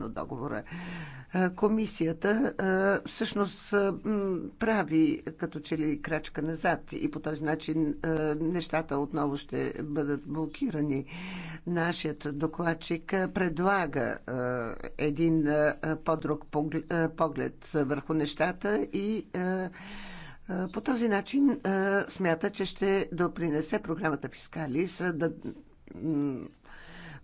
От договора. Комисията всъщност прави като че ли крачка назад и по този начин нещата отново ще бъдат блокирани. Нашият докладчик предлага един по-друг поглед върху нещата и по този начин смята, че ще допринесе програмата Фискалис да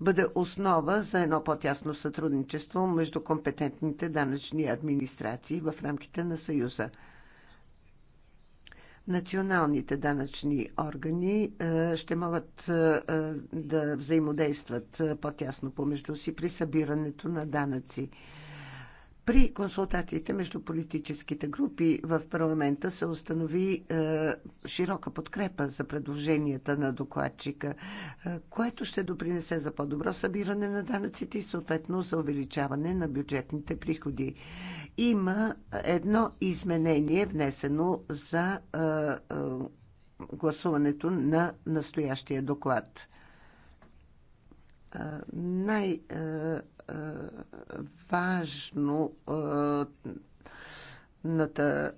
бъде основа за едно по-тясно сътрудничество между компетентните данъчни администрации в рамките на Съюза. Националните данъчни органи е, ще могат е, е, да взаимодействат по-тясно помежду си при събирането на данъци. При консултациите между политическите групи в парламента се установи е, широка подкрепа за предложенията на докладчика, е, което ще допринесе за по-добро събиране на данъците и съответно за увеличаване на бюджетните приходи. Има едно изменение внесено за е, е, гласуването на настоящия доклад. Е, най- е, важно ната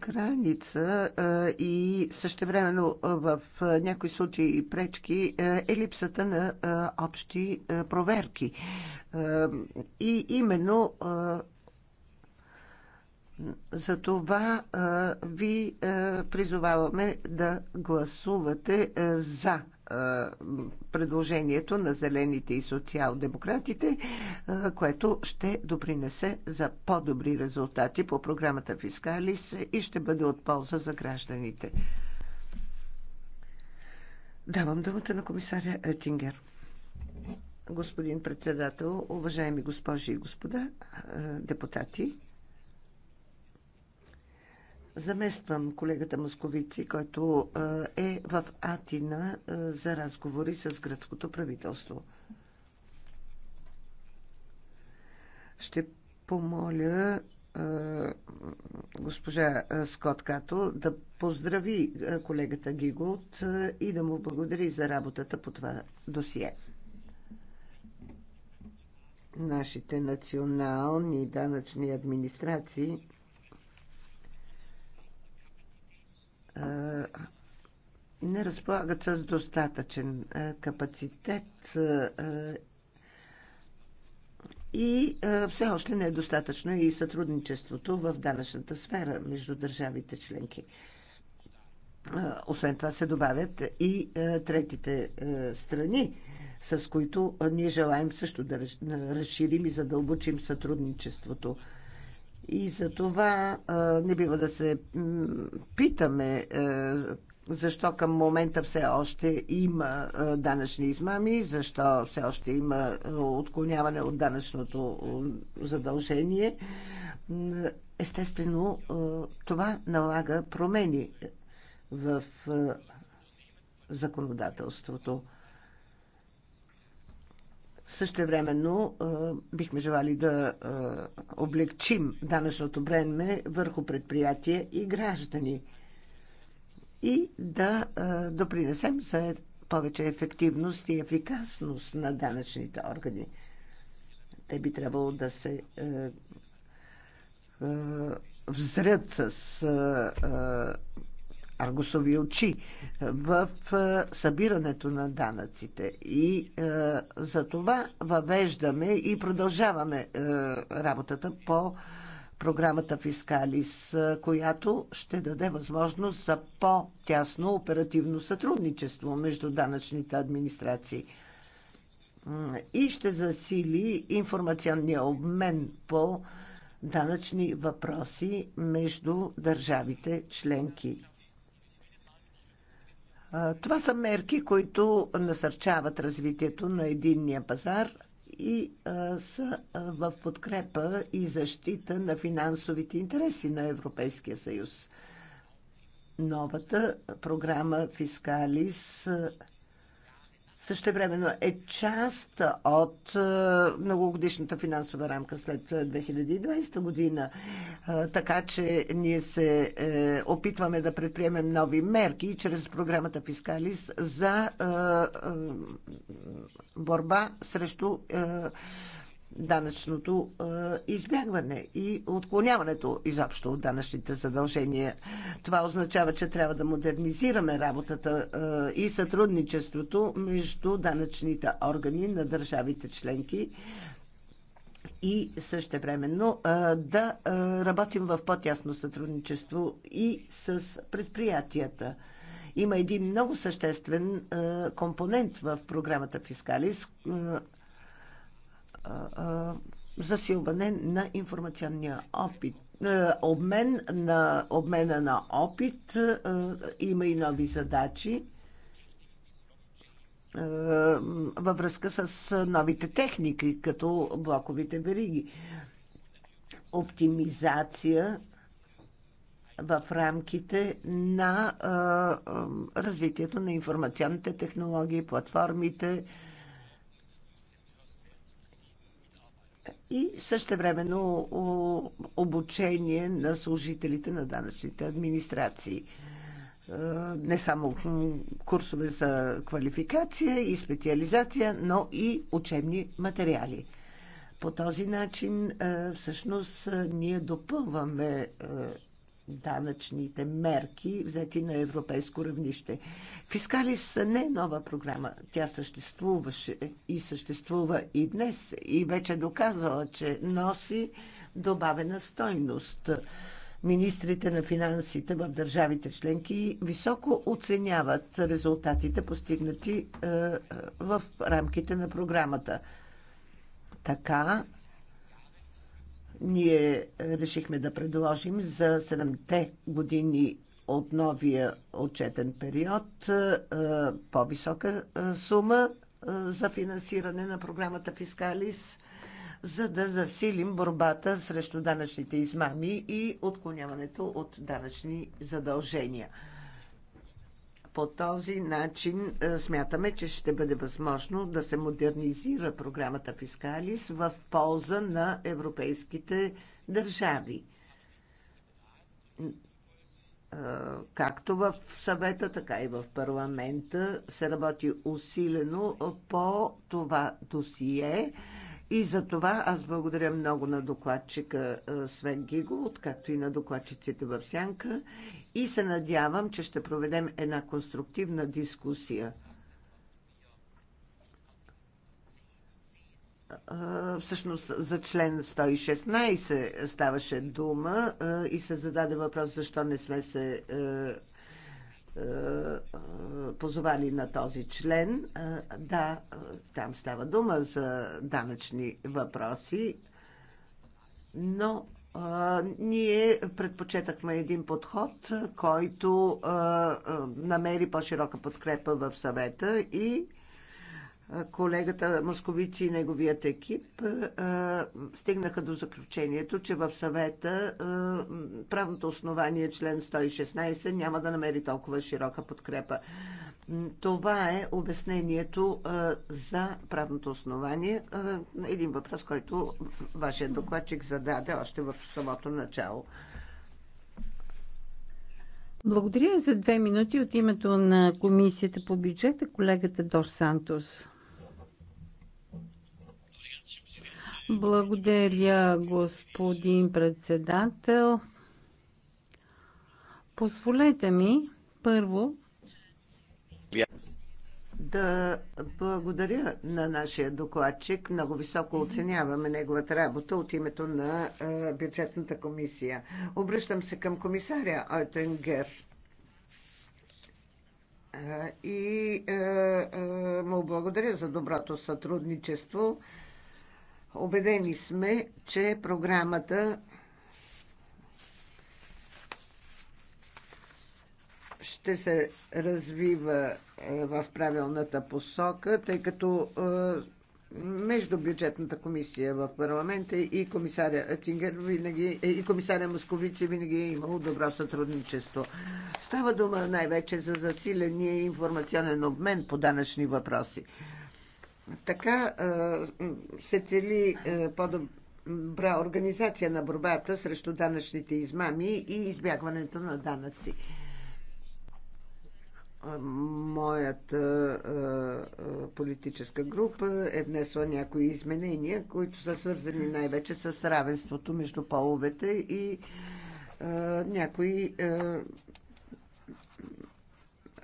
граница и същевременно в някои случаи и пречки е липсата на общи проверки. И именно за това ви призоваваме да гласувате за предложението на зелените и социал-демократите, което ще допринесе за по-добри резултати по програмата Фискалис и ще бъде от полза за гражданите. Давам думата на комисаря Етингер. Господин председател, уважаеми госпожи и господа депутати, Замествам колегата Московици, който е в Атина за разговори с гръцкото правителство. Ще помоля госпожа Скот Като да поздрави колегата Гигулт и да му благодари за работата по това досие. Нашите национални данъчни администрации не разполагат с достатъчен капацитет и все още не е достатъчно и сътрудничеството в данъчната сфера между държавите членки. Освен това се добавят и третите страни, с които ние желаем също да разширим и задълбочим сътрудничеството. И за това не бива да се питаме защо към момента все още има данъчни измами, защо все още има отклоняване от данъчното задължение. Естествено, това налага промени в законодателството. Същевременно бихме желали да облегчим данъчното бреме върху предприятия и граждани и да допринесем за повече ефективност и ефикасност на данъчните органи. Те би трябвало да се взрят с аргусови очи в събирането на данъците. И е, за това въвеждаме и продължаваме е, работата по програмата Фискалис, която ще даде възможност за по-тясно оперативно сътрудничество между данъчните администрации и ще засили информационния обмен по данъчни въпроси между държавите членки. Това са мерки, които насърчават развитието на единния пазар и са в подкрепа и защита на финансовите интереси на Европейския съюз. Новата програма Фискалис същевременно е част от е, многогодишната финансова рамка след 2020 е, година. Е, така че ние се опитваме да предприемем нови мерки чрез програмата Фискалис за борба срещу данъчното избягване и отклоняването изобщо от данъчните задължения. Това означава, че трябва да модернизираме работата и сътрудничеството между данъчните органи на държавите членки и същевременно да работим в по-тясно сътрудничество и с предприятията. Има един много съществен компонент в програмата Фискалис, засилване на информационния опит обмен на обмена на опит има и нови задачи във връзка с новите техники, като блоковите вериги. Оптимизация в рамките на развитието на информационните технологии, платформите, и същевременно обучение на служителите на данъчните администрации. Е, не само курсове за квалификация и специализация, но и учебни материали. По този начин е, всъщност е, ние допълваме данъчните мерки, взети на европейско равнище. Фискалис не е нова програма. Тя съществуваше и съществува и днес и вече доказала, че носи добавена стойност. Министрите на финансите в държавите членки високо оценяват резултатите, постигнати е, е, в рамките на програмата. Така ние решихме да предложим за 7-те години от новия отчетен период по-висока сума за финансиране на програмата Фискалис, за да засилим борбата срещу данъчните измами и отклоняването от данъчни задължения. По този начин е, смятаме, че ще бъде възможно да се модернизира програмата Фискалис в полза на европейските държави. Е, както в съвета, така и в парламента се работи усилено по това досие и за това аз благодаря много на докладчика е, Свен Гиго, както и на докладчиците в Сянка и се надявам, че ще проведем една конструктивна дискусия. Е, всъщност за член 116 ставаше дума е, и се зададе въпрос защо не сме се е, позовали на този член. Е, да, там става дума за данъчни въпроси, но е, ние предпочетахме един подход, който намери по-широка подкрепа в съвета и колегата Московици и неговият екип стигнаха до заключението, че в съвета правното основание член 116 няма да намери толкова широка подкрепа. Това е обяснението за правното основание. Един въпрос, който вашия докладчик зададе още в самото начало. Благодаря за две минути от името на Комисията по бюджета колегата Дош Сантос. Благодаря, господин председател. Позволете ми първо да благодаря на нашия докладчик. Много високо оценяваме неговата работа от името на бюджетната комисия. Обръщам се към комисаря Ойтенгер и му благодаря за доброто сътрудничество Обедени сме, че програмата ще се развива е, в правилната посока, тъй като е, между бюджетната комисия в парламента и комисаря Тингер винаги, е, и комисаря Московици винаги е имал добро сътрудничество. Става дума най-вече за засиления информационен обмен по данъчни въпроси. Така се цели по-добра организация на борбата срещу данъчните измами и избягването на данъци. Моята политическа група е внесла някои изменения, които са свързани най-вече с равенството между половете и някои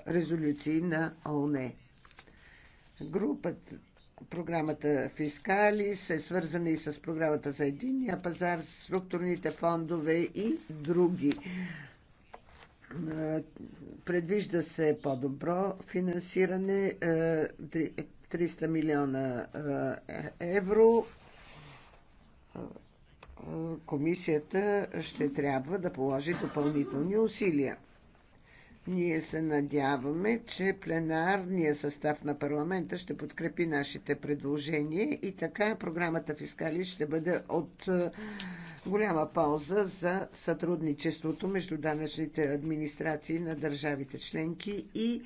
резолюции на ОНЕ групата програмата Фискали е свързана и с програмата за единния пазар, структурните фондове и други. Е, предвижда се по-добро финансиране, 300 е, милиона е, евро. Комисията ще трябва да положи допълнителни усилия. Ние се надяваме, че пленарния състав на парламента ще подкрепи нашите предложения и така програмата Фискали ще бъде от е, голяма полза за сътрудничеството между данъчните администрации на държавите членки и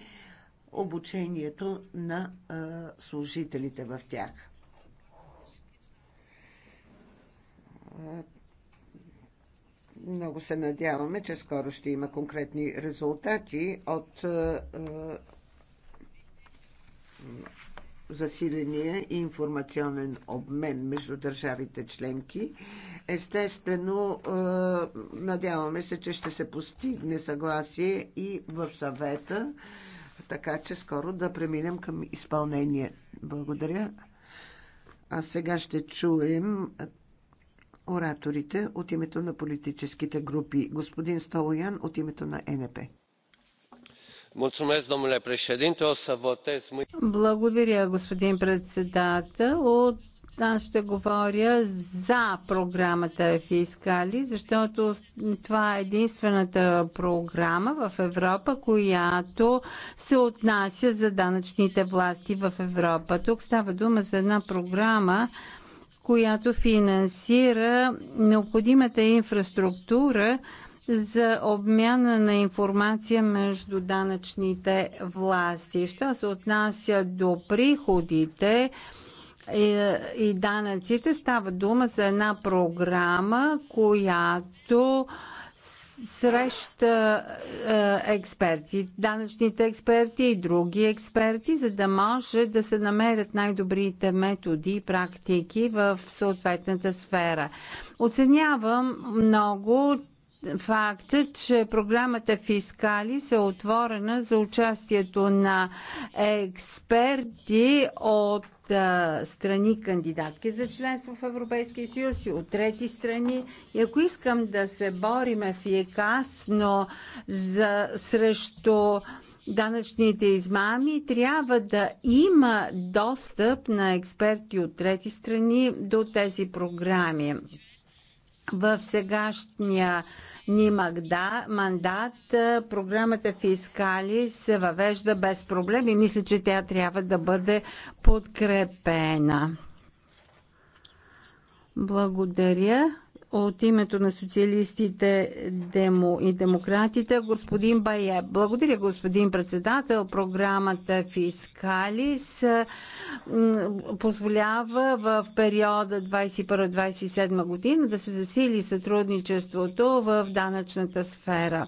обучението на е, служителите в тях е, много се надяваме, че скоро ще има конкретни резултати от е, е, засиления и информационен обмен между държавите членки. Естествено, е, надяваме се, че ще се постигне съгласие и в съвета, така че скоро да преминем към изпълнение. Благодаря. А сега ще чуем ораторите от името на политическите групи. Господин Столоян от името на НП. Благодаря, господин председател. От аз ще говоря за програмата Фискали, защото това е единствената програма в Европа, която се отнася за данъчните власти в Европа. Тук става дума за една програма, която финансира необходимата инфраструктура за обмяна на информация между данъчните власти. Що се отнася до приходите, е, и данъците става дума за една програма, която среща е, експерти, данъчните експерти и други експерти, за да може да се намерят най-добрите методи и практики в съответната сфера. Оценявам много факта, че програмата Фискали се е отворена за участието на експерти от страни кандидатки за членство в Европейския съюз и от трети страни. И ако искам да се борим ефикасно за, срещу данъчните измами, трябва да има достъп на експерти от трети страни до тези програми в сегашния ни мандат програмата Фискали се въвежда без проблем и мисля, че тя трябва да бъде подкрепена. Благодаря. От името на социалистите демо и демократите, господин Бае. Благодаря, господин председател. Програмата Фискалис позволява в периода 2021-2027 година да се засили сътрудничеството в данъчната сфера.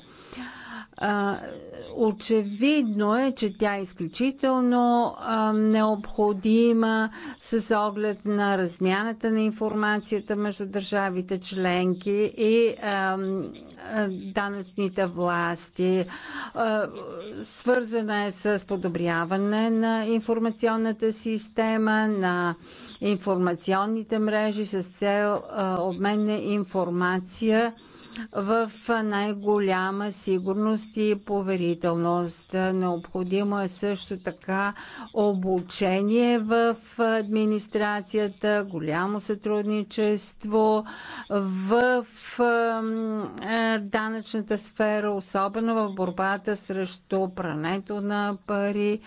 Очевидно е, че тя е изключително необходима с оглед на размяната на информацията между държавите членки и данъчните власти. Свързана е с подобряване на информационната система, на информационните мрежи с цел обмен на информация в най-голяма сигурност и поверителност. Необходимо е също така обучение в администрацията, голямо сътрудничество в данъчната сфера, особено в борбата срещу прането на пари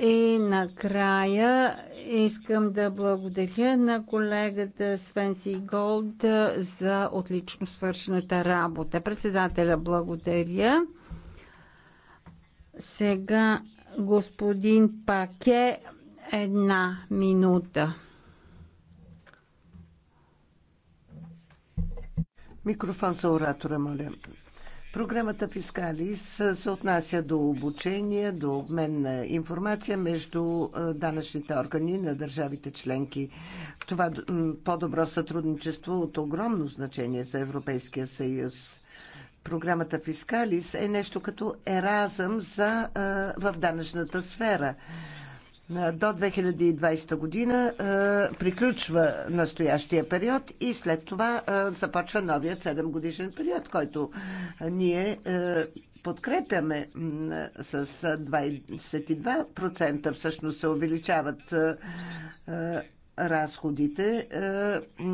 и накрая искам да благодаря на колегата Свенси Голд за отлично свършената работа. Председателя благодаря. Сега господин Паке една минута. Микрофон за оратора, моля. Програмата Фискалис се отнася до обучение, до обмен на информация между данъчните органи на държавите членки. Това по-добро сътрудничество е от огромно значение за Европейския съюз. Програмата Фискалис е нещо като еразъм за, в данъчната сфера. Е, до 2020 година е, приключва настоящия период и след това е, започва новият 7 годишен период, който ние подкрепяме с 22%. Всъщност се увеличават разходите е,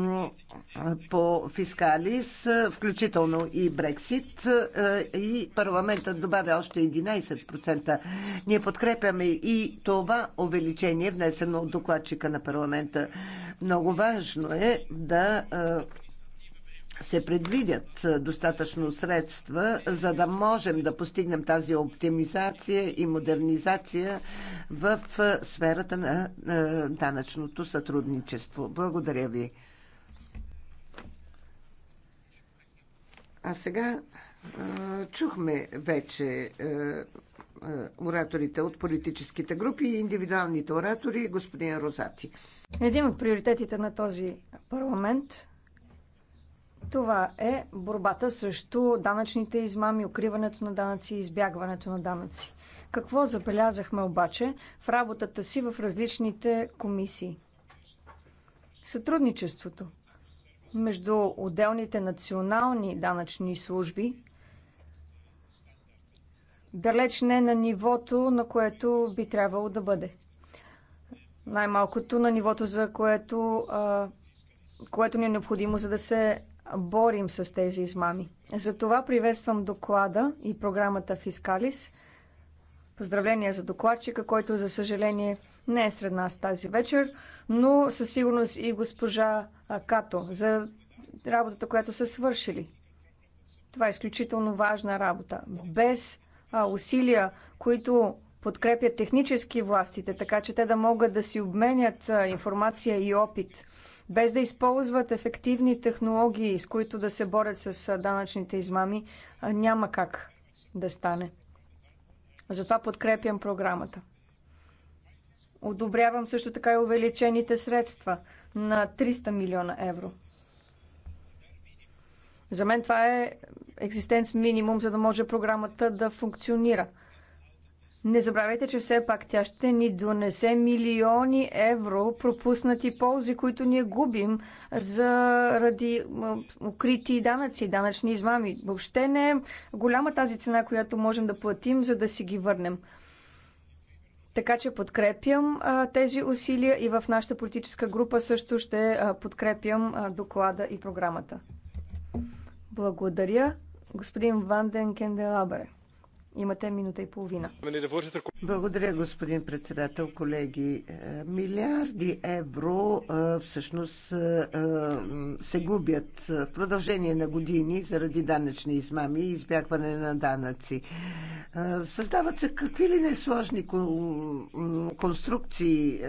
по фискалис, включително и Брексит. Е, и парламентът добавя още 11%. Ние подкрепяме и това увеличение, внесено от докладчика на парламента. Много важно е да е, се предвидят достатъчно средства, за да можем да постигнем тази оптимизация и модернизация в сферата на данъчното сътрудничество. Благодаря ви. А сега чухме вече ораторите от политическите групи и индивидуалните оратори, господин Розати. Един от приоритетите на този парламент това е борбата срещу данъчните измами, укриването на данъци и избягването на данъци. Какво забелязахме обаче в работата си в различните комисии? Сътрудничеството между отделните национални данъчни служби далеч не на нивото, на което би трябвало да бъде. Най-малкото на нивото, за което, а, което ни е необходимо, за да се борим с тези измами. Затова приветствам доклада и програмата Фискалис. Поздравления за докладчика, който за съжаление не е сред нас тази вечер, но със сигурност и госпожа Като за работата, която са свършили. Това е изключително важна работа. Без а, усилия, които подкрепят технически властите, така че те да могат да си обменят а, информация и опит без да използват ефективни технологии, с които да се борят с данъчните измами, няма как да стане. Затова подкрепям програмата. Одобрявам също така и увеличените средства на 300 милиона евро. За мен това е екзистенц минимум, за да може програмата да функционира – не забравяйте, че все пак тя ще ни донесе милиони евро пропуснати ползи, които ние губим заради укрити данъци, данъчни измами. Въобще не е голяма тази цена, която можем да платим, за да си ги върнем. Така че подкрепям а, тези усилия и в нашата политическа група също ще а, подкрепям а, доклада и програмата. Благодаря, господин Ванден Кенделабре. Имате минута и половина. Благодаря, господин председател, колеги. Е, милиарди евро е, всъщност е, се губят в продължение на години заради данъчни измами и избягване на данъци. Създават се какви ли несложни конструкции,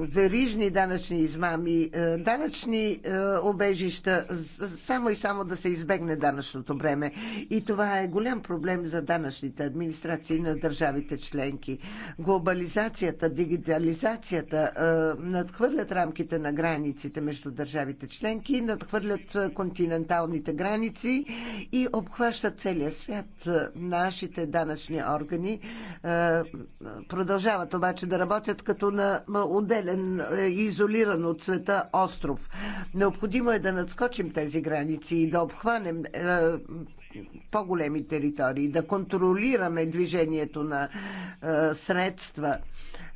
верижни данъчни измами, данъчни обежища, само и само да се избегне данъчното бреме. И това е голям проблем за данъчните администрации на държавите членки. Глобализацията, дигитализацията е, надхвърлят рамките на границите между държавите членки, надхвърлят е, континенталните граници и обхващат целия свят. Е, нашите данъчни органи продължават обаче да работят като на отделен изолиран от света остров. Необходимо е да надскочим тези граници и да обхванем по-големи територии, да контролираме движението на е, средства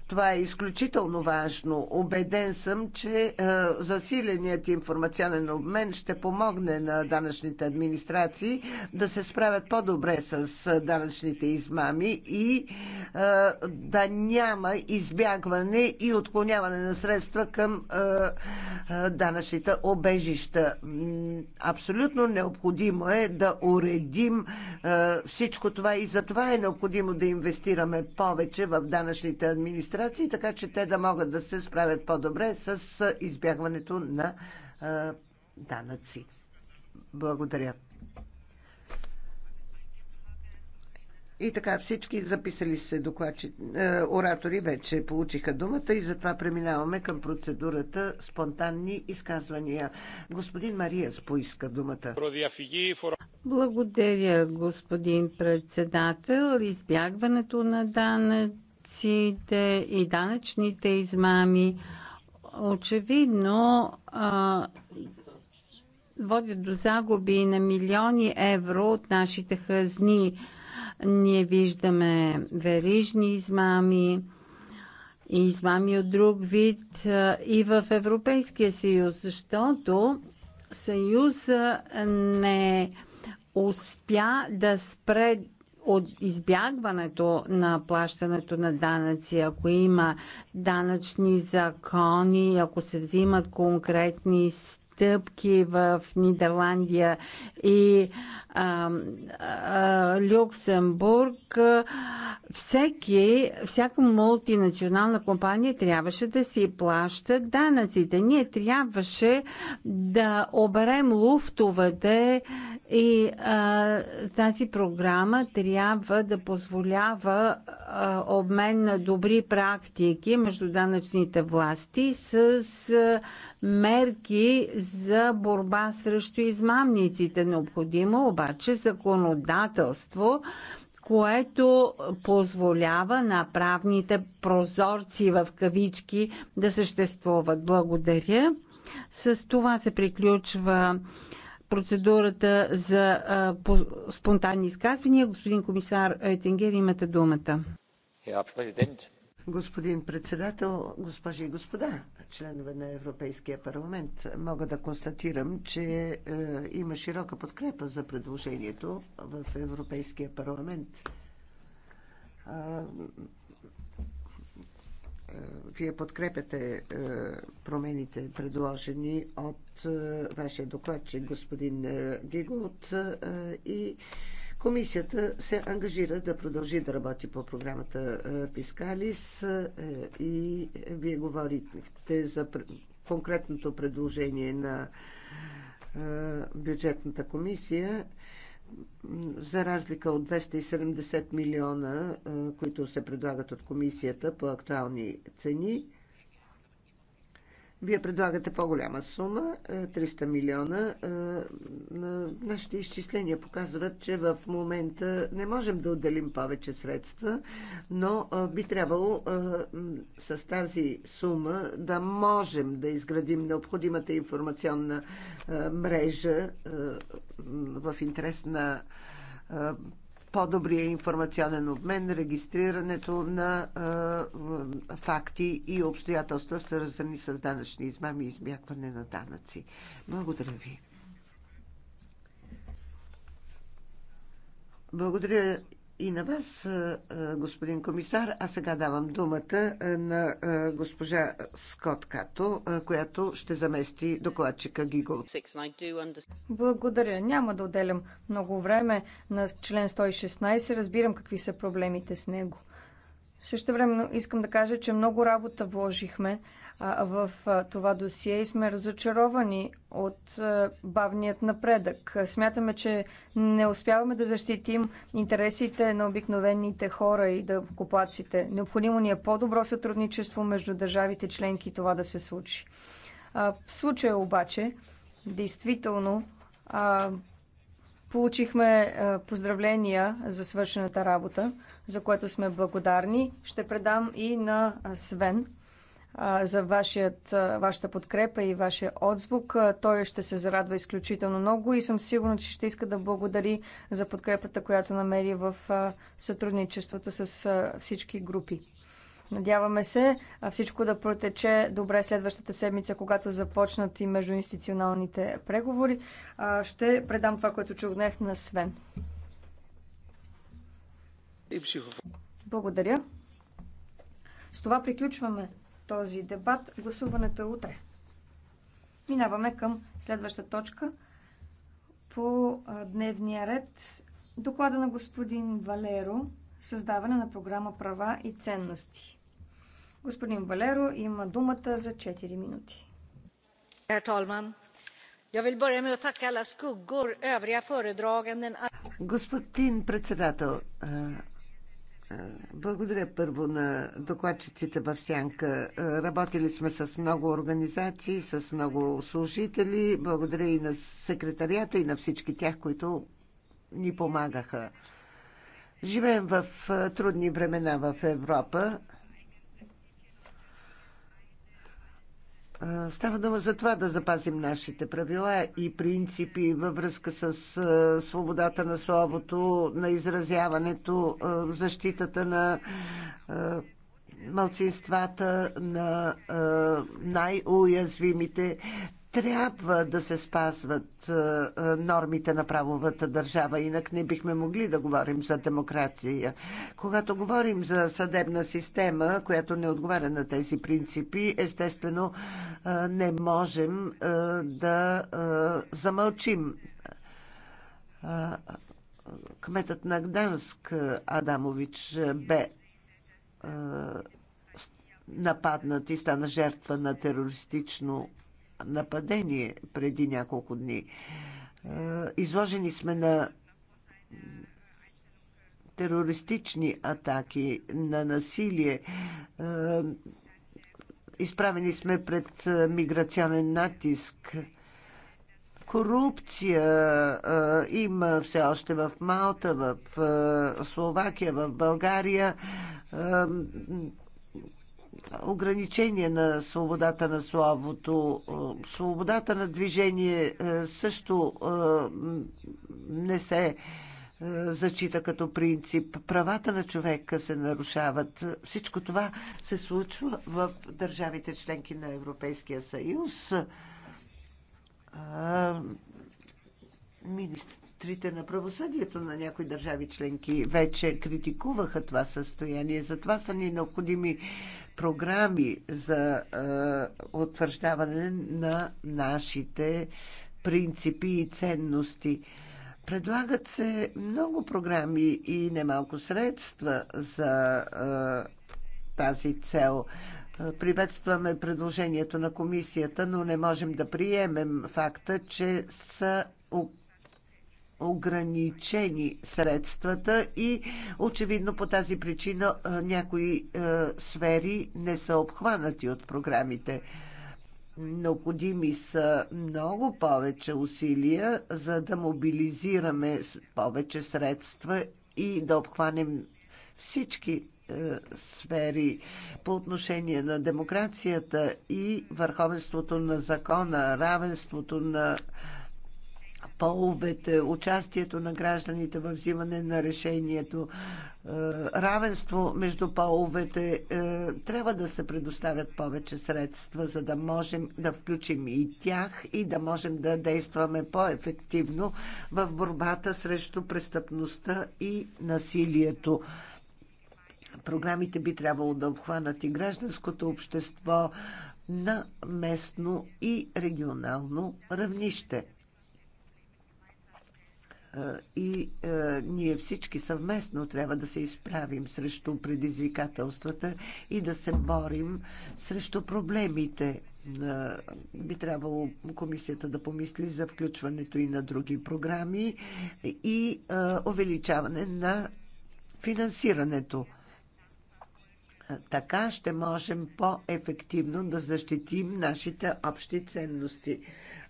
това е изключително важно. Обеден съм, че е, засиленият информационен обмен ще помогне на данъчните администрации да се справят по-добре с е, данъчните измами и е, да няма избягване и отклоняване на средства към данъчните обежища. Абсолютно необходимо е да уредим всичко това и за това е необходимо да инвестираме повече в данъчните администрации администрации, така че те да могат да се справят по-добре с избягването на данъци. Благодаря. И така всички записали се докладчи, е, оратори вече получиха думата и затова преминаваме към процедурата спонтанни изказвания. Господин Мариас поиска думата. Благодаря, господин председател. Избягването на данъци корупциите и данъчните измами очевидно а, водят до загуби на милиони евро от нашите хазни. Ние виждаме верижни измами и измами от друг вид а, и в Европейския съюз, защото Съюза не успя да спре от избягването на плащането на данъци, ако има данъчни закони, ако се взимат конкретни стъпки, стъпки в Нидерландия и а, а, Люксембург, всеки, всяка мултинационална компания трябваше да си плаща данъците. Ние трябваше да оберем луфтовете и а, тази програма трябва да позволява а, обмен на добри практики между данъчните власти с а, мерки за борба срещу измамниците. Необходимо обаче законодателство, което позволява на правните прозорци в кавички да съществуват. Благодаря. С това се приключва процедурата за а, по, спонтанни изказвания. Господин комисар Етингер, имате думата. Господин председател, госпожи и господа, членове на Европейския парламент. Мога да констатирам, че е, има широка подкрепа за предложението в Европейския парламент. Е, вие подкрепяте е, промените, предложени от вашия докладчик, господин Гиголт и Комисията се ангажира да продължи да работи по програмата Фискалис е, е, и вие говорите за конкретното предложение на е, бюджетната комисия за разлика от 270 милиона, които се предлагат от комисията по актуални цени вие предлагате по-голяма сума, 300 е, милиона. Е, нашите изчисления показват, че в момента не можем да отделим повече средства, но е, би трябвало с тази сума да можем да изградим необходимата информационна мрежа в интерес на по-добрия информационен обмен, регистрирането на а, факти и обстоятелства, свързани с данъчни измами и избягване на данъци. Благодаря ви. Благодаря и на вас, господин комисар. А сега давам думата на госпожа Скот Като, която ще замести докладчика Гигол. Благодаря. Няма да отделям много време на член 116. Разбирам какви са проблемите с него. Също време искам да кажа, че много работа вложихме в това досие и сме разочаровани от бавният напредък. Смятаме, че не успяваме да защитим интересите на обикновените хора и да купаците. Необходимо ни е по-добро сътрудничество между държавите членки това да се случи. В случая обаче, действително, Получихме поздравления за свършената работа, за което сме благодарни. Ще предам и на Свен за вашият, вашата подкрепа и вашия отзвук. Той ще се зарадва изключително много и съм сигурна, че ще иска да благодари за подкрепата, която намери в сътрудничеството с всички групи. Надяваме се всичко да протече добре следващата седмица, когато започнат и междуинституционалните преговори. Ще предам това, което чух днес на Свен. Благодаря. С това приключваме този дебат. Гласуването е утре. Минаваме към следваща точка по дневния ред. Доклада на господин Валеро създаване на програма права и ценности. Господин Валеро има думата за 4 минути. Господин председател, благодаря първо на докладчиците в Сянка. Работили сме с много организации, с много служители. Благодаря и на секретарията и на всички тях, които ни помагаха. Живеем в трудни времена в Европа. Става дума за това да запазим нашите правила и принципи във връзка с свободата на словото, на изразяването, защитата на мълцинствата, на най-уязвимите трябва да се спазват е, е, нормите на правовата държава, инак не бихме могли да говорим за демокрация. Когато говорим за съдебна система, която не отговаря на тези принципи, естествено е, не можем да замълчим. Кметът на Гданск Адамович бе нападнат и стана жертва на терористично нападение преди няколко дни. Е, изложени сме на терористични атаки, на насилие. Е, изправени сме пред е, миграционен натиск. Корупция а, има все още в Малта, в а, Словакия, в България ограничение на свободата на словото. Е, свободата на движение е, също е, не се зачита като принцип. Правата на човека се нарушават. Всичко това се случва в държавите членки на Европейския съюз. Министр министрите на правосъдието на някои държави членки вече критикуваха това състояние. Затова са ни необходими програми за е, утвърждаване на нашите принципи и ценности. Предлагат се много програми и немалко средства за е, тази цел. Приветстваме предложението на комисията, но не можем да приемем факта, че са ограничени средствата и очевидно по тази причина някои сфери не са обхванати от програмите. Необходими са много повече усилия, за да мобилизираме повече средства и да обхванем всички сфери по отношение на демокрацията и върховенството на закона, равенството на половете, участието на гражданите в взимане на решението, е, равенство между половете. Е, трябва да се предоставят повече средства, за да можем да включим и тях и да можем да действаме по-ефективно в борбата срещу престъпността и насилието. Програмите би трябвало да обхванат и гражданското общество на местно и регионално равнище и ние всички съвместно трябва да се изправим срещу предизвикателствата и да се борим срещу проблемите. би трябвало комисията да помисли за включването и на други програми и увеличаване на финансирането. Така ще можем по-ефективно да защитим нашите общи ценности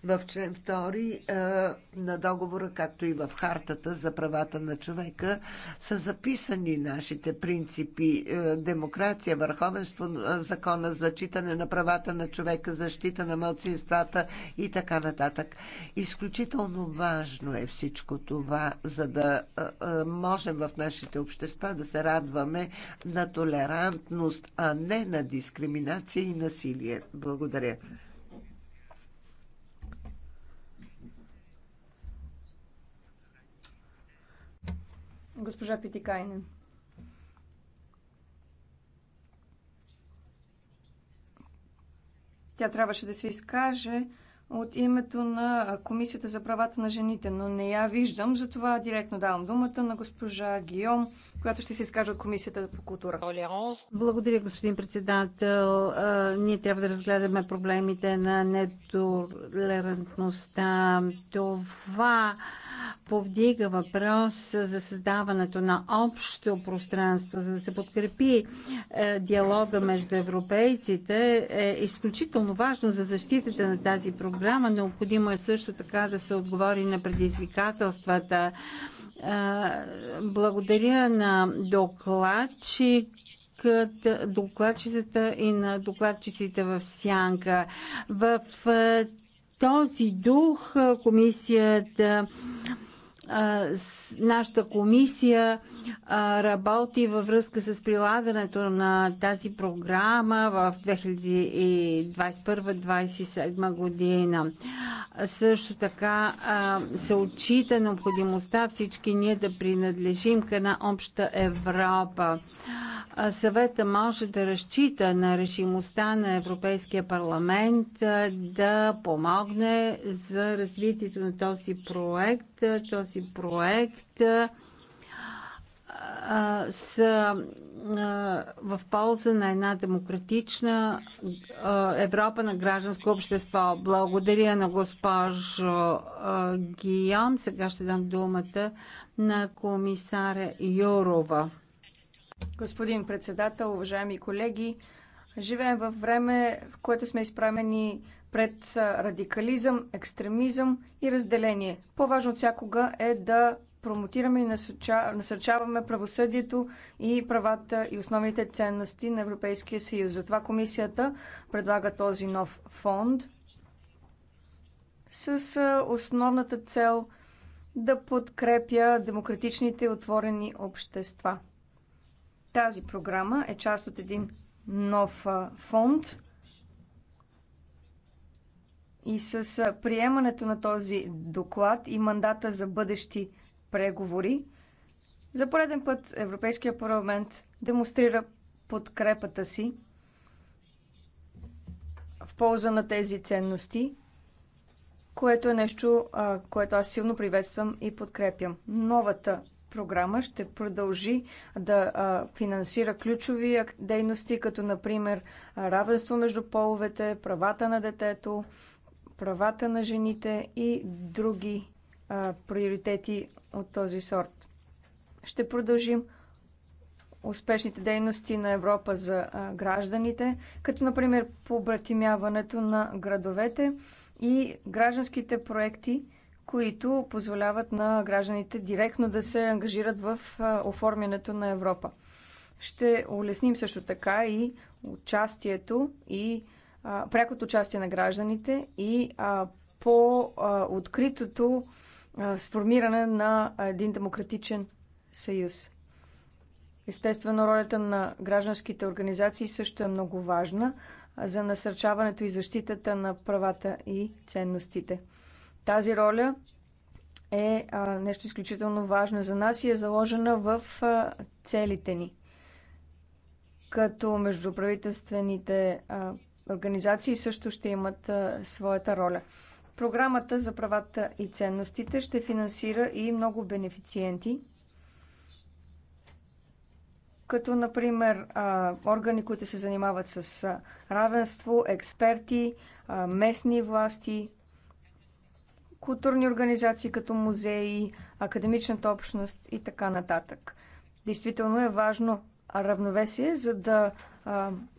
в член 2 на договора, както и в хартата за правата на човека, са записани нашите принципи е, демокрация, върховенство, е, закона, зачитане на правата на човека, защита на младсинствата и така нататък. Изключително важно е всичко това, за да е, можем в нашите общества да се радваме на толерантност, а не на дискриминация и насилие. Благодаря. Госпожа Питикайнен. Тя трябваше да се изкаже от името на Комисията за правата на жените, но не я виждам, затова директно давам думата на госпожа Гиом, която ще се изкаже от Комисията по култура. Благодаря, господин председател. Ние трябва да разгледаме проблемите на нетолерантността. Това повдига въпрос за създаването на общо пространство, за да се подкрепи е, диалога между европейците. Е изключително важно за защитата на тази проблема програма. Необходимо е също така да се отговори на предизвикателствата. Благодаря на докладчик докладчицата и на докладчиците в Сянка. В този дух комисията нашата комисия работи във връзка с прилагането на тази програма в 2021-2027 година. Също така се отчита необходимостта всички ние да принадлежим към една обща Европа. Съвета може да разчита на решимостта на Европейския парламент да помогне за развитието на този проект този проект са в полза на една демократична Европа на гражданско общество. Благодаря на госпожо Гион. Сега ще дам думата на комисаря Йорова. Господин председател, уважаеми колеги, живеем във време, в което сме изправени пред радикализъм, екстремизъм и разделение. По-важно от всякога е да промотираме и насърчаваме правосъдието и правата и основните ценности на Европейския съюз. Затова комисията предлага този нов фонд с основната цел да подкрепя демократичните отворени общества. Тази програма е част от един нов фонд – и с приемането на този доклад и мандата за бъдещи преговори, за пореден път Европейския парламент демонстрира подкрепата си в полза на тези ценности, което е нещо, което аз силно приветствам и подкрепям. Новата програма ще продължи да финансира ключови дейности, като например равенство между половете, правата на детето, правата на жените и други а, приоритети от този сорт. Ще продължим успешните дейности на Европа за а, гражданите, като например побратимяването на градовете и гражданските проекти, които позволяват на гражданите директно да се ангажират в а, оформянето на Европа. Ще улесним също така и участието и прякото участие на гражданите и по откритото сформиране на един демократичен съюз. Естествено, ролята на гражданските организации също е много важна за насърчаването и защитата на правата и ценностите. Тази роля е нещо изключително важно за нас и е заложена в целите ни. Като междуправителствените организации също ще имат своята роля. Програмата за правата и ценностите ще финансира и много бенефициенти, като например органи, които се занимават с равенство, експерти, местни власти, културни организации като музеи, академичната общност и така нататък. Действително е важно равновесие, за да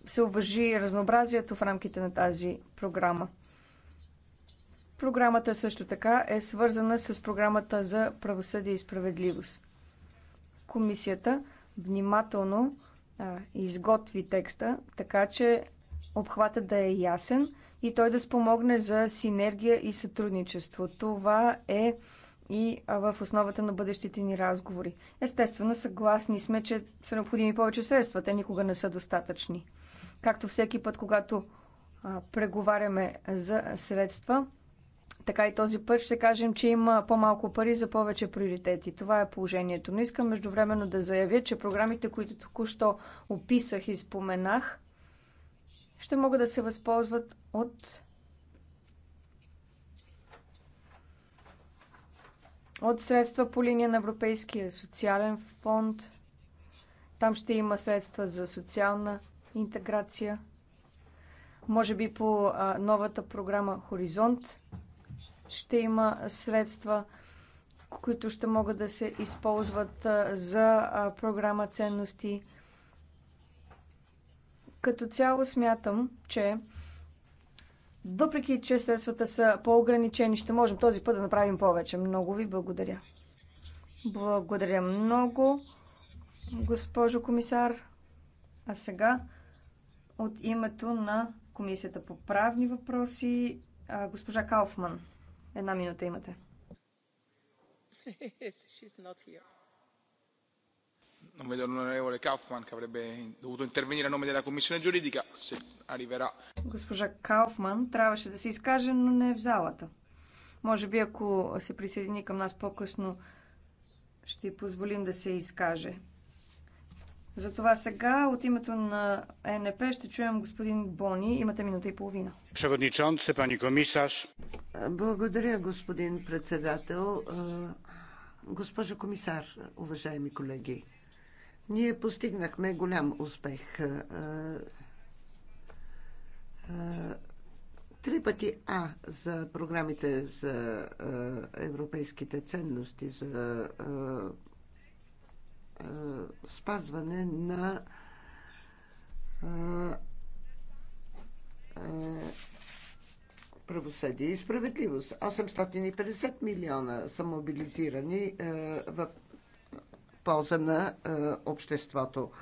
се уважи разнообразието в рамките на тази програма. Програмата също така е свързана с програмата за правосъдие и справедливост. Комисията внимателно а, изготви текста, така че обхватът да е ясен и той да спомогне за синергия и сътрудничество. Това е и в основата на бъдещите ни разговори. Естествено, съгласни сме, че са необходими повече средства. Те никога не са достатъчни. Както всеки път, когато а, преговаряме за средства, така и този път ще кажем, че има по-малко пари за повече приоритети. Това е положението. Но искам междувременно да заявя, че програмите, които току-що описах и споменах, ще могат да се възползват от от средства по линия на Европейския социален фонд. Там ще има средства за социална интеграция. Може би по новата програма Хоризонт ще има средства, които ще могат да се използват за програма ценности. Като цяло смятам, че въпреки, че средствата са по-ограничени, ще можем този път да направим повече. Много ви благодаря. Благодаря много, госпожо комисар. А сега от името на Комисията по правни въпроси, госпожа Кауфман. Една минута имате. non vedo l'onorevole kaufmann che avrebbe dovuto intervenire a nome della Commissione giuridica, se arriverà. Госпожа Кауфман трябваше да се изкаже, но не е в залата. Може би ако се присъедини към нас по-късно, ще й позволим да се изкаже. Затова сега от името на НП ще чуем господин Бони. Имате минута и половина. Преводничонце, пани комисаж. Благодаря, господин председател. Госпожо комисар, уважаеми колеги. Ние постигнахме голям успех. Е, е, три пъти А за програмите за е, европейските ценности, за спазване на правосъдие и справедливост. 850 милиона са мобилизирани в полза на е, обществото. Е,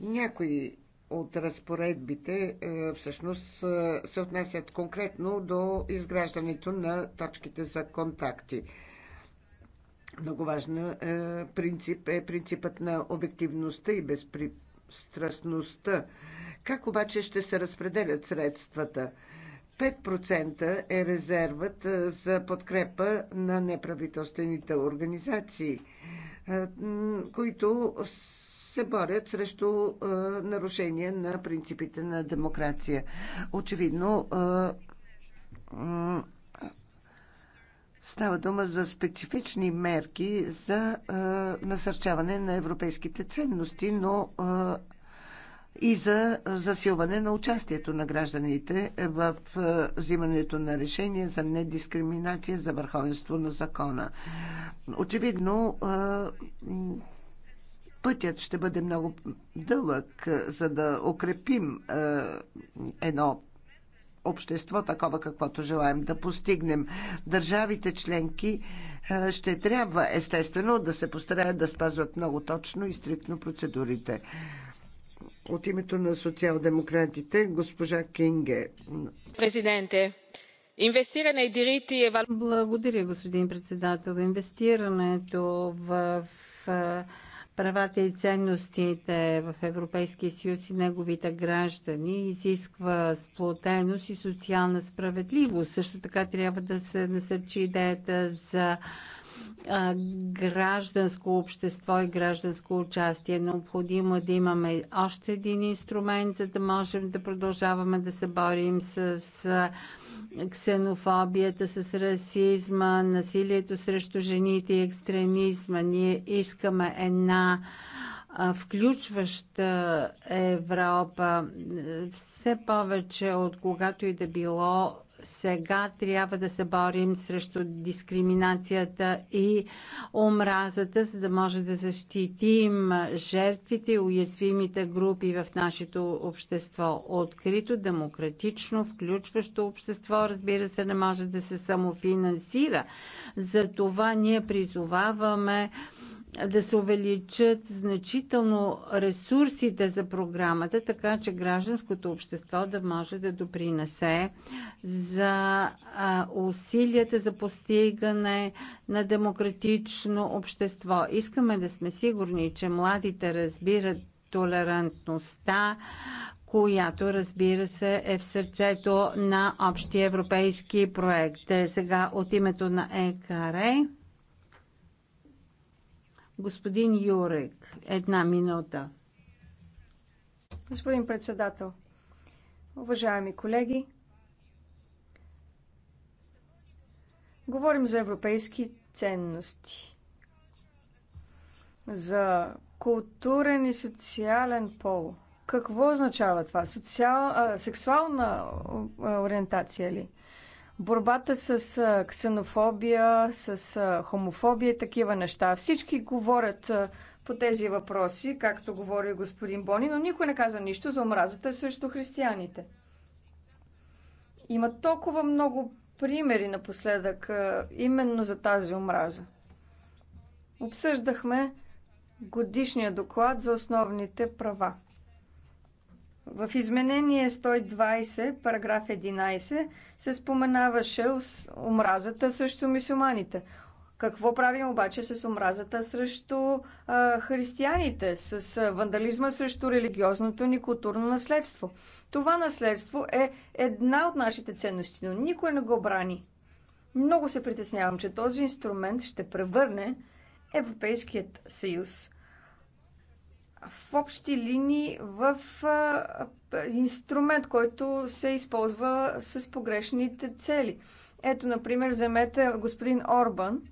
някои от разпоредбите е, всъщност се отнасят конкретно до изграждането на точките за контакти. Много важен принцип е принципът на обективността и безпристрастността. Как обаче ще се разпределят средствата? 5% е резервът за подкрепа на неправителствените организации, които се борят срещу нарушение на принципите на демокрация. Очевидно, Става дума за специфични мерки за а, насърчаване на европейските ценности, но и за засилване на участието на гражданите в е, взимането на решения за недискриминация, за върховенство на закона. Очевидно, е, пътят ще бъде много дълъг, е, за да укрепим едно общество, такова каквото желаем да постигнем. Държавите членки ще трябва естествено да се постараят да спазват много точно и стриктно процедурите. От името на социал-демократите, госпожа Кинге. Президенте, инвестиране и дирити е... Благодаря, господин председател. Инвестирането в, в правата и ценностите в Европейския съюз и неговите граждани изисква сплотеност и социална справедливост. Също така трябва да се насърчи идеята за а, гражданско общество и гражданско участие. Необходимо е да имаме още един инструмент, за да можем да продължаваме да се борим с, с ксенофобията, с расизма, насилието срещу жените и екстремизма. Ние искаме една включваща Европа все повече от когато и да било сега трябва да се борим срещу дискриминацията и омразата, за да може да защитим жертвите и уязвимите групи в нашето общество. Открито, демократично, включващо общество, разбира се, не може да се самофинансира. Затова ние призоваваме да се увеличат значително ресурсите за програмата, така че гражданското общество да може да допринесе за усилията за постигане на демократично общество. Искаме да сме сигурни, че младите разбират толерантността, която разбира се е в сърцето на общия европейски проект. Сега от името на ЕКАРЕ. Господин Юрек, една минута. Господин председател, уважаеми колеги, говорим за европейски ценности, за културен и социален пол. Какво означава това? Социал, а, сексуална ориентация ли? борбата с ксенофобия, с хомофобия и такива неща. Всички говорят по тези въпроси, както говори господин Бони, но никой не каза нищо за омразата срещу християните. Има толкова много примери напоследък именно за тази омраза. Обсъждахме годишния доклад за основните права. В изменение 120, параграф 11, се споменаваше омразата срещу мисюманите. Какво правим обаче с омразата срещу а, християните, с вандализма срещу религиозното ни културно наследство? Това наследство е една от нашите ценности, но никой не го брани. Много се притеснявам, че този инструмент ще превърне Европейският съюз в общи линии в инструмент, който се използва с погрешните цели. Ето, например, вземете господин Орбан.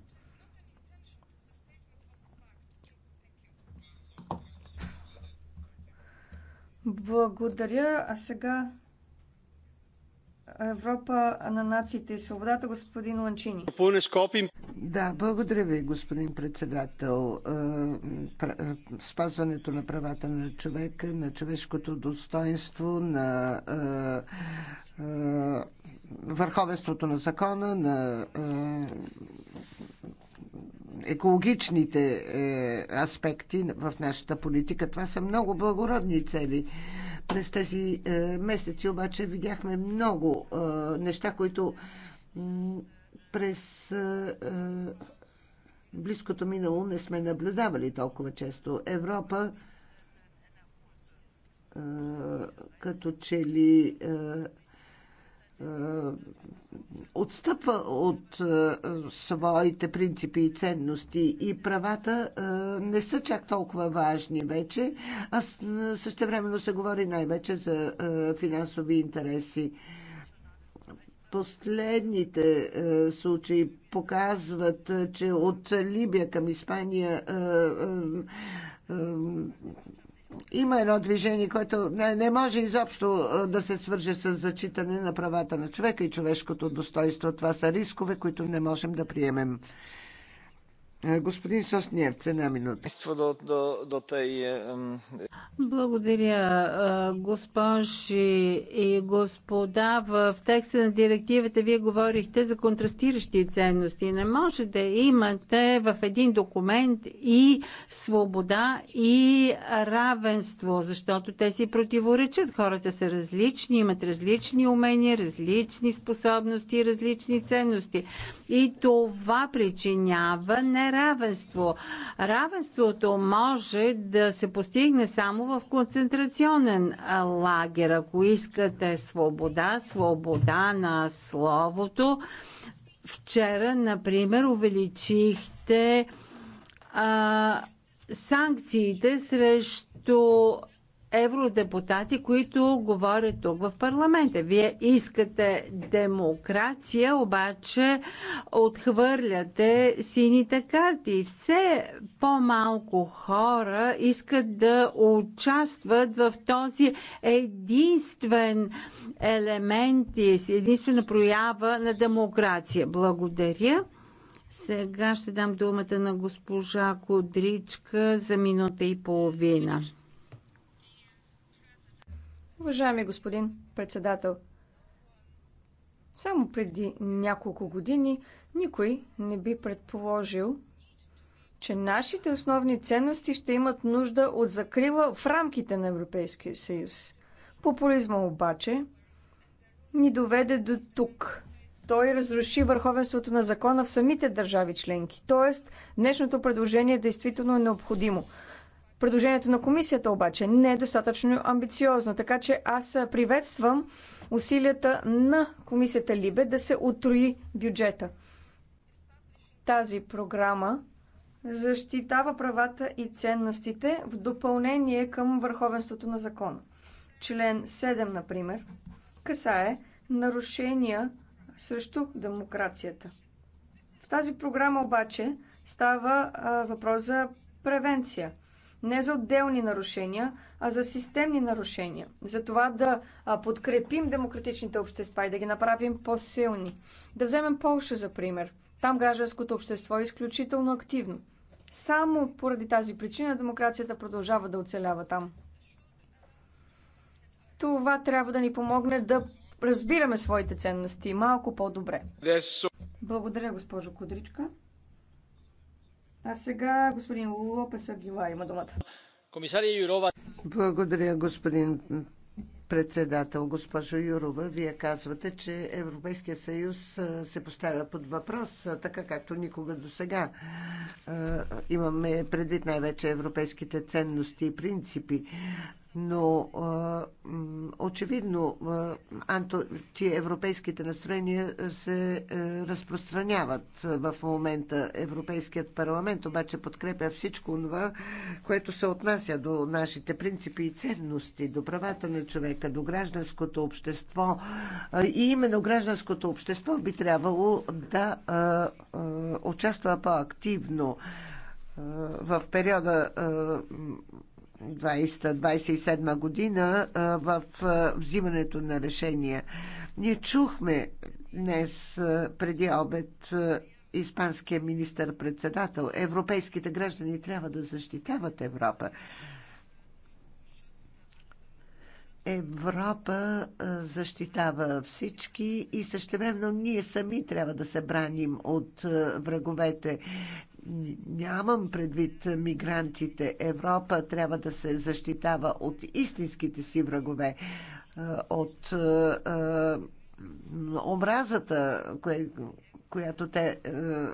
Благодаря. А сега Европа на нациите и свободата, господин Ланчини. Да, благодаря ви, господин председател. Е, е, спазването на правата на човека, на човешкото достоинство, на е, върховенството на закона, на екологичните е, аспекти в нашата политика. Това са много благородни цели. През тези е, месеци обаче видяхме много е, неща, които през близкото минало не сме наблюдавали толкова често. Европа като че ли е, отстъпва от е, своите принципи и ценности и правата е, не са чак толкова важни вече, а същевременно се говори най-вече за финансови интереси. Последните е, случаи показват, че от Либия към Испания е, е, има едно движение, което не, не може изобщо да се свърже с зачитане на правата на човека и човешкото достоинство. Това са рискове, които не можем да приемем. Е, господин Сосниевц, една минута. Е, Благодаря, е, госпожи и господа. В текста на директивата вие говорихте за контрастиращи ценности. Не може да имате в един документ и свобода, и равенство, защото те си противоречат. Хората са различни, имат различни умения, различни способности, различни ценности. И това причинява не равенство. Равенството може да се постигне само в концентрационен лагер. Ако искате свобода, свобода на словото. Вчера, например, увеличихте а, санкциите срещу евродепутати, които говорят тук в парламента. Вие искате демокрация, обаче отхвърляте сините карти. Все по-малко хора искат да участват в този единствен елемент и единствена проява на демокрация. Благодаря. Сега ще дам думата на госпожа Кодричка за минута и половина. Уважаеми господин председател, само преди няколко години никой не би предположил, че нашите основни ценности ще имат нужда от закрила в рамките на Европейския съюз. Популизма обаче ни доведе до тук. Той разруши върховенството на закона в самите държави членки. Тоест, днешното предложение действително е необходимо. Предложението на комисията обаче не е достатъчно амбициозно, така че аз приветствам усилията на комисията Либе да се отрои бюджета. Тази програма защитава правата и ценностите в допълнение към върховенството на закона. Член 7, например, касае нарушения срещу демокрацията. В тази програма обаче става а, въпрос за превенция – не за отделни нарушения, а за системни нарушения. За това да подкрепим демократичните общества и да ги направим по-силни. Да вземем Полша за пример. Там гражданското общество е изключително активно. Само поради тази причина демокрацията продължава да оцелява там. Това трябва да ни помогне да разбираме своите ценности малко по-добре. Благодаря, госпожо Кудричка. А сега господин Лопес Агила има думата. Комисария Юрова. Благодаря, господин председател. Госпожо Юрова, вие казвате, че Европейския съюз се поставя под въпрос, така както никога до сега. Имаме предвид най-вече европейските ценности и принципи но очевидно европейските настроения се е, разпространяват в момента. Европейският парламент обаче подкрепя всичко това, което се отнася до нашите принципи и ценности, до правата на човека, до гражданското общество. И именно гражданското общество би трябвало да участва по-активно в периода 2027 година в взимането на решения. Ние чухме днес преди обед испанския министър-председател. Европейските граждани трябва да защитават Европа. Европа защитава всички и същевременно ние сами трябва да се браним от враговете. Нямам предвид мигрантите. Европа трябва да се защитава от истинските си врагове, е, от е, е, омразата, която те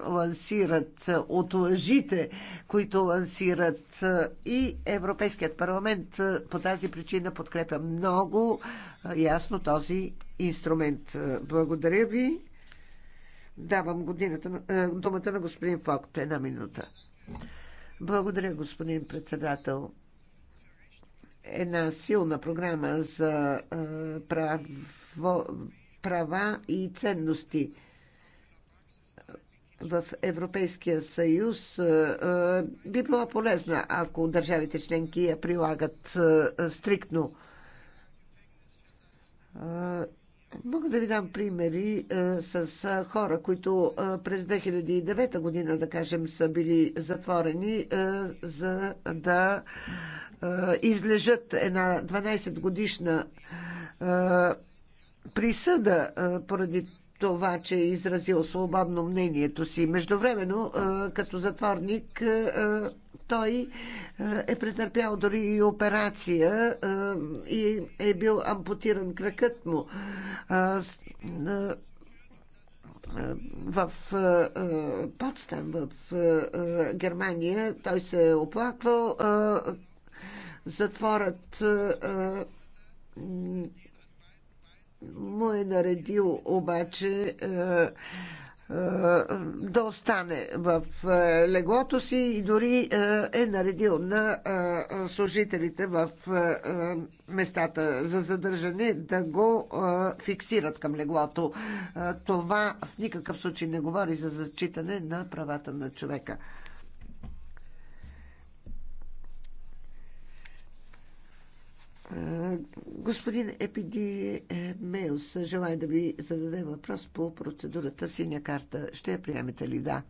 лансират, от лъжите, които лансират. И Европейският парламент по тази причина подкрепя много ясно този инструмент. Благодаря ви. Давам годината, е, думата на господин Фокт. Една минута. Благодаря, господин председател. Една силна програма за е, право, права и ценности в Европейския съюз е, би била полезна, ако държавите членки я прилагат стриктно Мога да ви дам примери е, с е, хора, които е, през 2009 година, да кажем, са били затворени, за да излежат една 12 годишна присъда поради това, че е изразил свободно мнението си. Междувременно, като затворник, той е претърпял дори и операция и е бил ампутиран кракът му. В Потсдам, в Германия, той се е оплаквал. Затворът му е наредил обаче е, е, да остане в е, леглото си и дори е наредил на служителите в местата за задържане да го фиксират към леглото. Това в никакъв случай не говори за зачитане на правата на човека. Господин Епиди Мейлс, желая да ви зададе въпрос по процедурата синя карта. Ще я приемете ли? Да.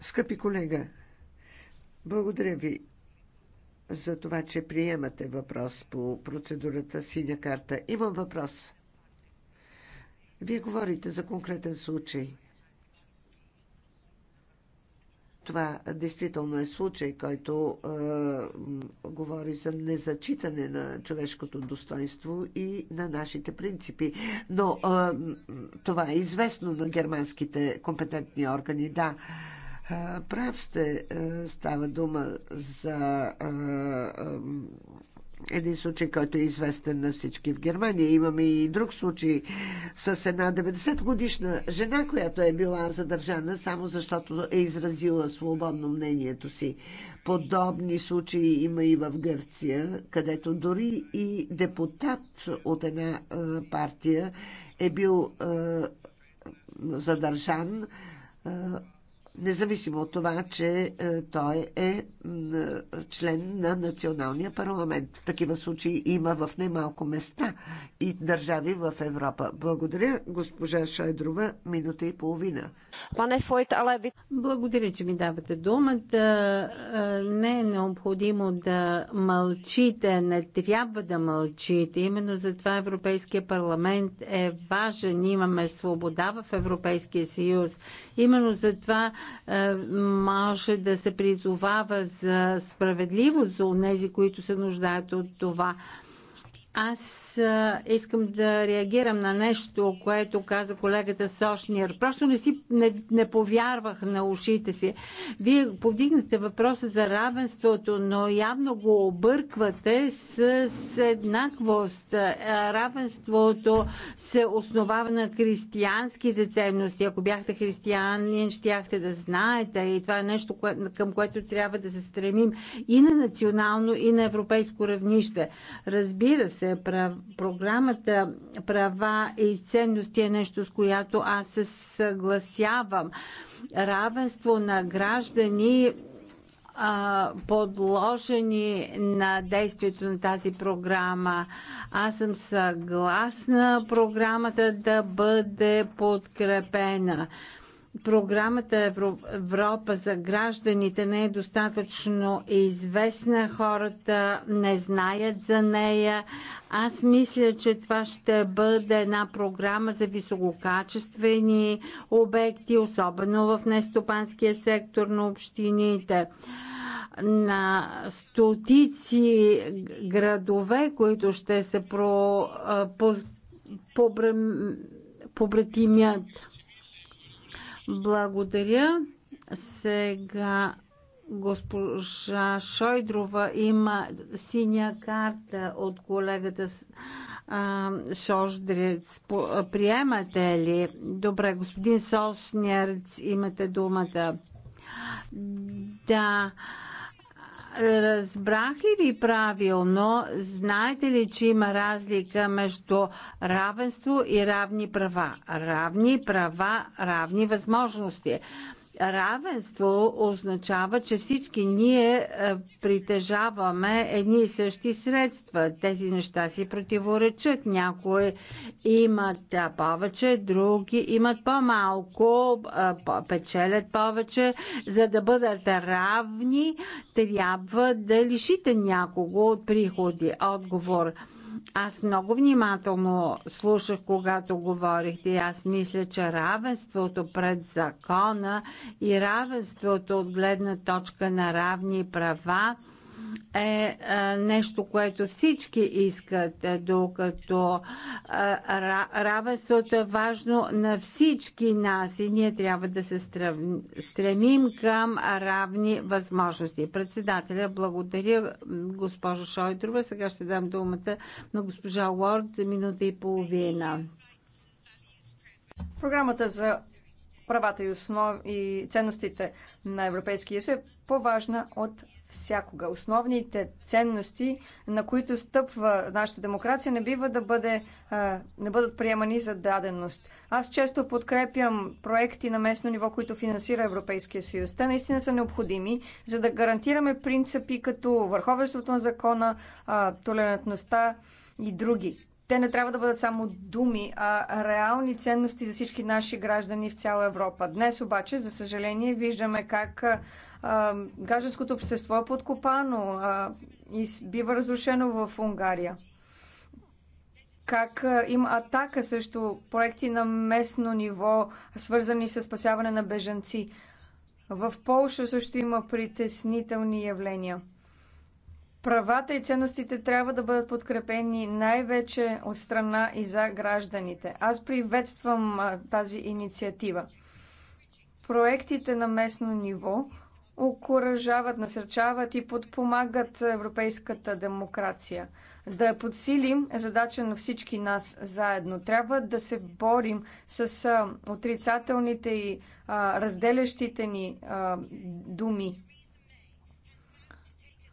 Скъпи колега, благодаря ви за това, че приемате въпрос по процедурата синя карта. Имам въпрос. Вие говорите за конкретен случай – това действително е случай, който е, говори за незачитане на човешкото достоинство и на нашите принципи. Но е, това е известно на германските компетентни органи, да. Прав сте, става дума за един случай, който е известен на всички в Германия. Имаме и друг случай с една 90 годишна жена, която е била задържана само защото е изразила свободно мнението си. Подобни случаи има и в Гърция, където дори и депутат от една партия е бил задържан независимо от това, че е, той е, е член на националния парламент. Такива случаи има в немалко места и държави в Европа. Благодаря, госпожа Шайдрова, минута и половина. Пане Фойт, але ви... Благодаря, че ми давате думата. Е, не е необходимо да мълчите, не трябва да мълчите. Именно затова Европейския парламент е важен. Имаме свобода в Европейския съюз. Именно затова е, може да се призовава за справедливост за тези, които се нуждаят от това. Аз искам да реагирам на нещо, което каза колегата Сошнир. Просто не си не, не повярвах на ушите си. Вие повдигнахте въпроса за равенството, но явно го обърквате с, с еднаквост. Равенството се основава на християнските ценности. Ако бяхте християнин, щяхте да знаете и това е нещо, кое, към което трябва да се стремим и на национално, и на европейско равнище. Разбира се, прав, програмата права и ценности е нещо, с която аз се съгласявам. Равенство на граждани подложени на действието на тази програма. Аз съм съгласна програмата да бъде подкрепена програмата Европа за гражданите не е достатъчно известна, хората не знаят за нея. Аз мисля, че това ще бъде една програма за висококачествени обекти, особено в нестопанския сектор на общините на стотици градове, които ще се по, по, побратимят. Благодаря. Сега госпожа Шойдрова има синя карта от колегата Шождрец. Приемате ли? Добре, господин Сошнерц, имате думата. Да. Разбрах ли ви правилно? Знаете ли, че има разлика между равенство и равни права? Равни права, равни възможности. Равенство означава, че всички ние е, притежаваме едни и същи средства. Тези неща си противоречат. Някои имат повече, други имат по-малко, печелят повече. За да бъдат равни, трябва да лишите някого от приходи. Отговор – аз много внимателно слушах, когато говорихте. Аз мисля, че равенството пред закона и равенството от гледна точка на равни права е, е нещо, което всички искат, е, докато е, равенството е важно на всички нас и ние трябва да се стремим към равни възможности. Председателя, благодаря госпожо Шойтрова. Сега ще дам думата на госпожа Уорд за минута и половина. Програмата за правата и, основ... и ценностите на Европейския съюз е по-важна от всякога. Основните ценности, на които стъпва нашата демокрация, не бива да, бъде, не бъдат приемани за даденост. Аз често подкрепям проекти на местно ниво, които финансира Европейския съюз. Те наистина са необходими, за да гарантираме принципи като върховенството на закона, толерантността и други те не трябва да бъдат само думи, а реални ценности за всички наши граждани в цяла Европа. Днес обаче, за съжаление, виждаме как а, гражданското общество е подкопано а, и бива разрушено в Унгария. Как има атака срещу проекти на местно ниво, свързани с спасяване на бежанци. В Полша също има притеснителни явления. Правата и ценностите трябва да бъдат подкрепени най-вече от страна и за гражданите. Аз приветствам тази инициатива. Проектите на местно ниво окоръжават, насърчават и подпомагат европейската демокрация. Да подсилим е задача на всички нас заедно. Трябва да се борим с отрицателните и а, разделящите ни а, думи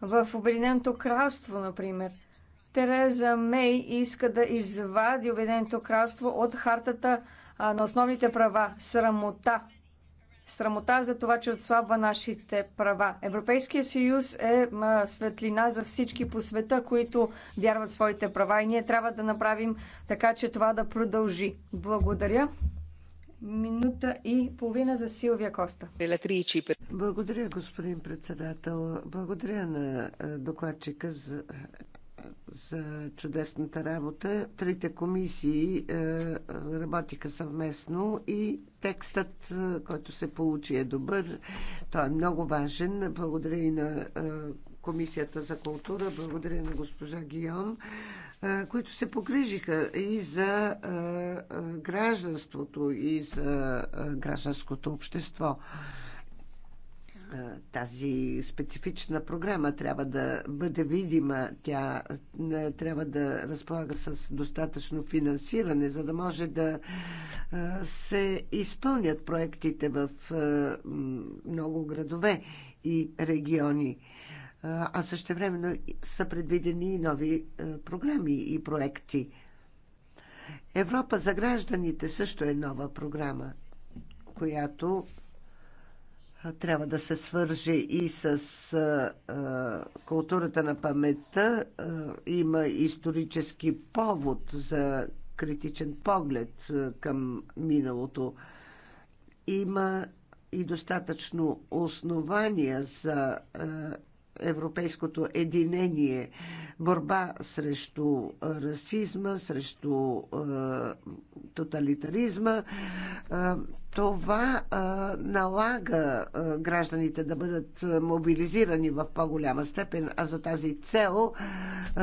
в Обединеното кралство, например, Тереза Мей иска да извади Обединеното кралство от хартата на основните права. Срамота. Срамота за това, че отслабва нашите права. Европейския съюз е светлина за всички по света, които вярват своите права и ние трябва да направим така, че това да продължи. Благодаря. Минута и половина за Силвия Коста. Благодаря, господин председател. Благодаря на докладчика за, за чудесната работа. Трите комисии работиха съвместно и текстът, който се получи е добър. Той е много важен. Благодаря и на Комисията за култура, благодаря на госпожа Гион, които се погрижиха и за гражданството, и за гражданското общество тази специфична програма трябва да бъде видима, тя трябва да разполага с достатъчно финансиране, за да може да се изпълнят проектите в много градове и региони а също времено са предвидени и нови програми и проекти. Европа за гражданите също е нова програма, която трябва да се свържи и с а, културата на паметта. А, има исторически повод за критичен поглед а, към миналото. Има и достатъчно основания за а, европейското единение, борба срещу расизма, срещу е, тоталитаризма. Е, това е, налага е, гражданите да бъдат мобилизирани в по-голяма степен, а за тази цел е,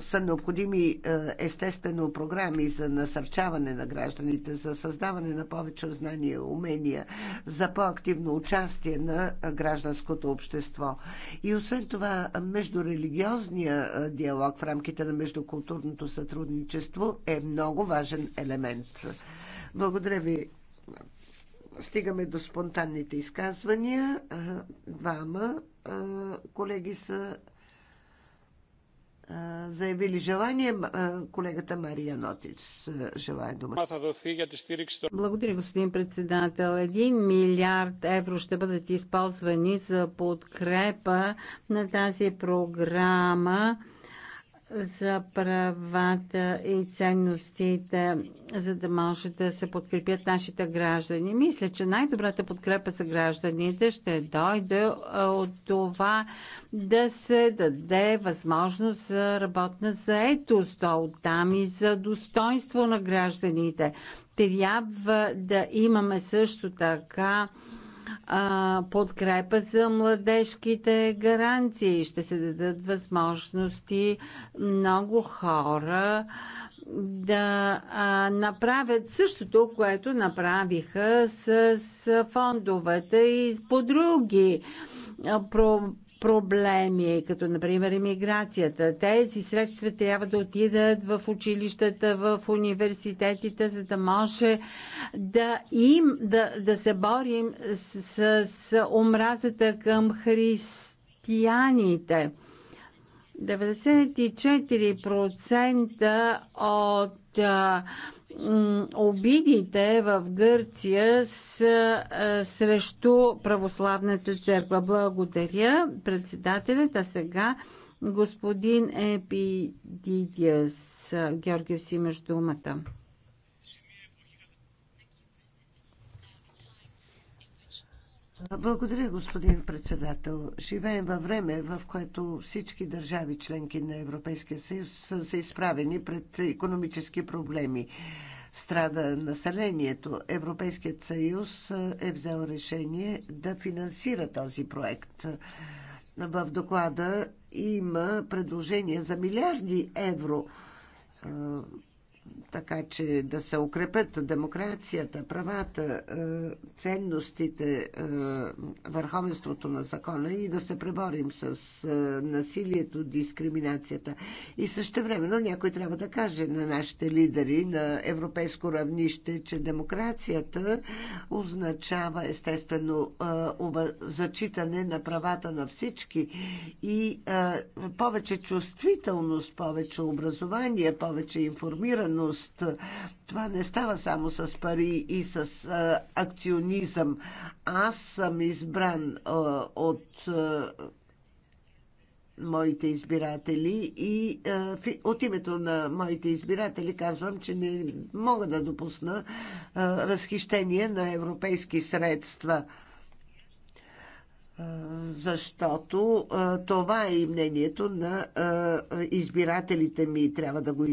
са необходими е, естествено програми за насърчаване на гражданите, за създаване на повече знания, умения, за по-активно участие на гражданското общество. И освен това, междурелигиозния е, диалог в рамките на междукултурното сътрудничество е много важен елемент. Благодаря ви. Стигаме до спонтанните изказвания. Е, двама колеги са заявили желание. Колегата Мария Нотиц желая дума. Благодаря, господин председател. Един милиард евро ще бъдат използвани за подкрепа на тази програма за правата и ценностите, за да може да се подкрепят нашите граждани. Мисля, че най-добрата подкрепа за гражданите ще дойде от това да се даде възможност за работна заетост, то там и за достоинство на гражданите. Трябва да имаме също така а, подкрепа за младежките гаранции. Ще се дадат възможности много хора да а, направят същото, което направиха с, с фондовете и по други про проблеми, като например иммиграцията. Тези средства трябва да отидат в училищата, в университетите, за да може да им да, да се борим с, с, с омразата към християните. 94% от а, обидите в Гърция са срещу православната църква. Благодаря председателят, а сега господин Епидидиас Георгиев си имаш думата. Благодаря, господин председател. Живеем във време, в което всички държави членки на Европейския съюз са изправени пред економически проблеми. Страда населението. Европейският съюз е взел решение да финансира този проект. В доклада има предложения за милиарди евро така че да се укрепят демокрацията, правата, е, ценностите, е, върховенството на закона и да се преборим с е, насилието, дискриминацията. И също времено някой трябва да каже на нашите лидери на европейско равнище, че демокрацията означава естествено зачитане на правата на всички и повече чувствителност, повече образование, повече информираност собственост. Това не става само с пари и с а, акционизъм. Аз съм избран а, от а, моите избиратели и а, в, от името на моите избиратели казвам, че не мога да допусна а, разхищение на европейски средства защото това е и мнението на избирателите ми. Трябва да го